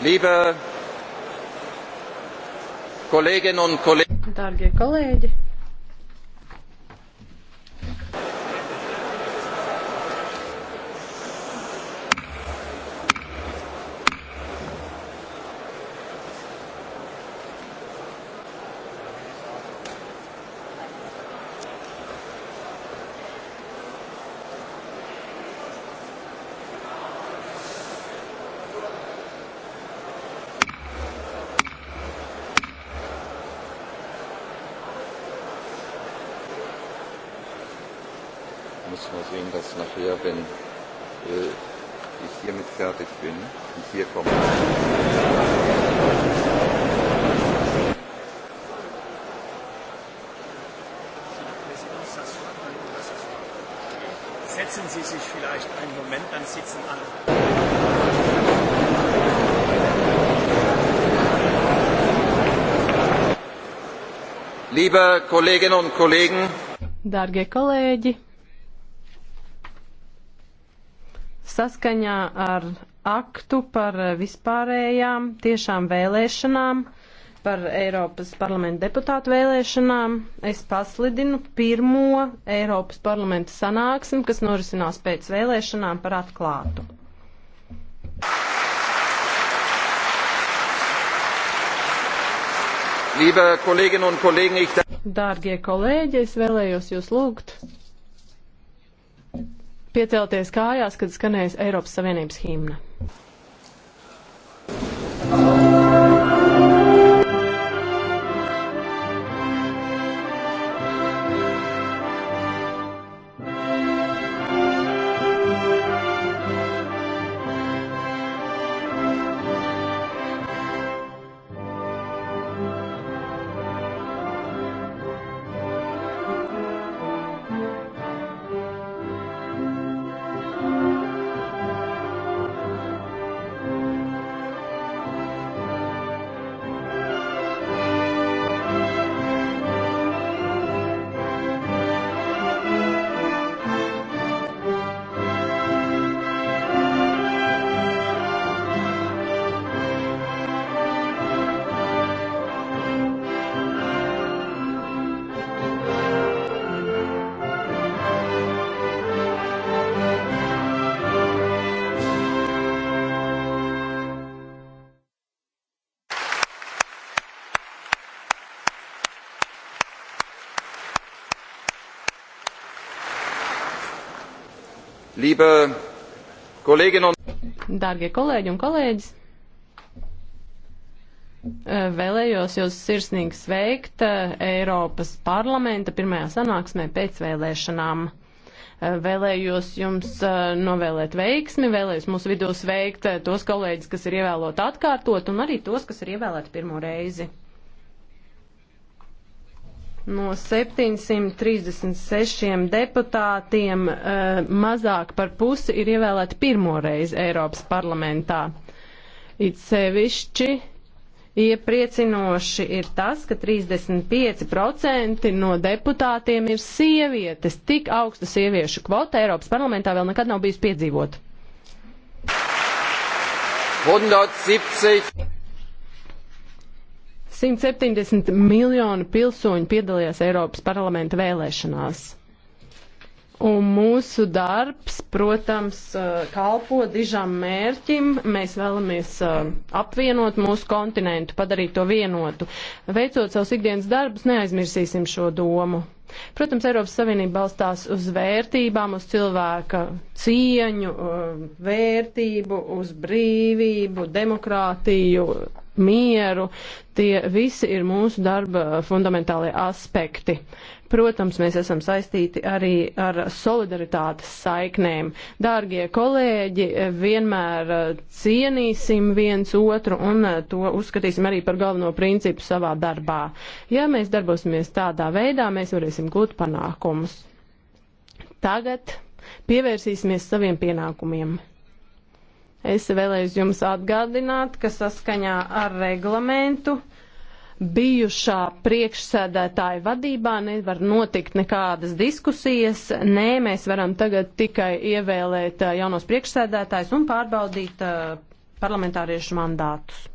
Liebe Kolleginnen und Kollegen. Dārgie kolēģi! muss nur sehen, dass nachher, wenn äh, ich hiermit fertig bin und hier komme. Setzen Sie sich vielleicht einen Moment, dann sitzen alle. Liebe Kolleginnen und Kollegen, Darbie kolēģi, Saskaņā ar aktu par vispārējām tiešām vēlēšanām, par Eiropas parlamenta deputātu vēlēšanām, es paslidinu pirmo Eiropas parlamenta sanāksmi, kas norisinās pēc vēlēšanām par atklātu. Liebe Kolleginnen und Kollegen, ich Dārgie kolēģi, es vēlējos jūs lūgt piecelties kājās, kad skanēs Eiropas Savienības himna. Liebe Kolleginnen un Dārgie kolēģi un kolēģis, eh, vēlējos jūs sirsnīgi sveikt eh, Eiropas parlamenta pirmajā sanāksmē pēc vēlēšanām eh, vēlējos jums novēlēt veiksmi, vēlējos mūsu vidū sveikt tos kolēģis, kas ir ievēlot atkārtot, un arī tos, kas ir ievēlēti pirmo reizi. No 736 deputātiem eh, mazāk par pusi ir ievēlēti pirmoreiz Eiropas parlamentā. It sevišķi Iepriecinoši ir tas, ka 35% no deputātiem ir sievietes. Tik augsta sieviešu kvota Eiropas parlamentā vēl nekad nav bijusi piedzīvota. 170. 170 miljoni pilsoņu piedalījās Eiropas parlamenta vēlēšanās. Un mūsu darbs, protams, uh, kalpo dižam mērķim. Mēs vēlamies uh, apvienot mūsu kontinentu, padarīt to vienotu. Veicot savus ikdienas darbus, neaizmirsīsim šo domu. Protams, Eiropas Savienība balstās uz vērtībām, uz cilvēka cieņu, uh, vērtību, uz brīvību, demokrātiju, mieru. Tie visi ir mūsu darba fundamentālie aspekti. Protams, mēs esam saistīti arī ar solidaritātes saiknēm. Dārgie kolēģi, vienmēr cienīsim viens otru un to uzskatīsim arī par galveno principu savā darbā. Ja mēs darbosimies tādā veidā, mēs varēsim gūt panākumus. Tagad pievērsīsimies saviem pienākumiem. Es vēlējos jums atgādināt, ka saskaņā ar reglamentu bijušā priekšsēdētāja vadībā nevar notikt nekādas diskusijas. Nē, mēs varam tagad tikai ievēlēt uh, jaunos priekšsēdētājus un pārbaudīt uh, parlamentāriešu mandātus.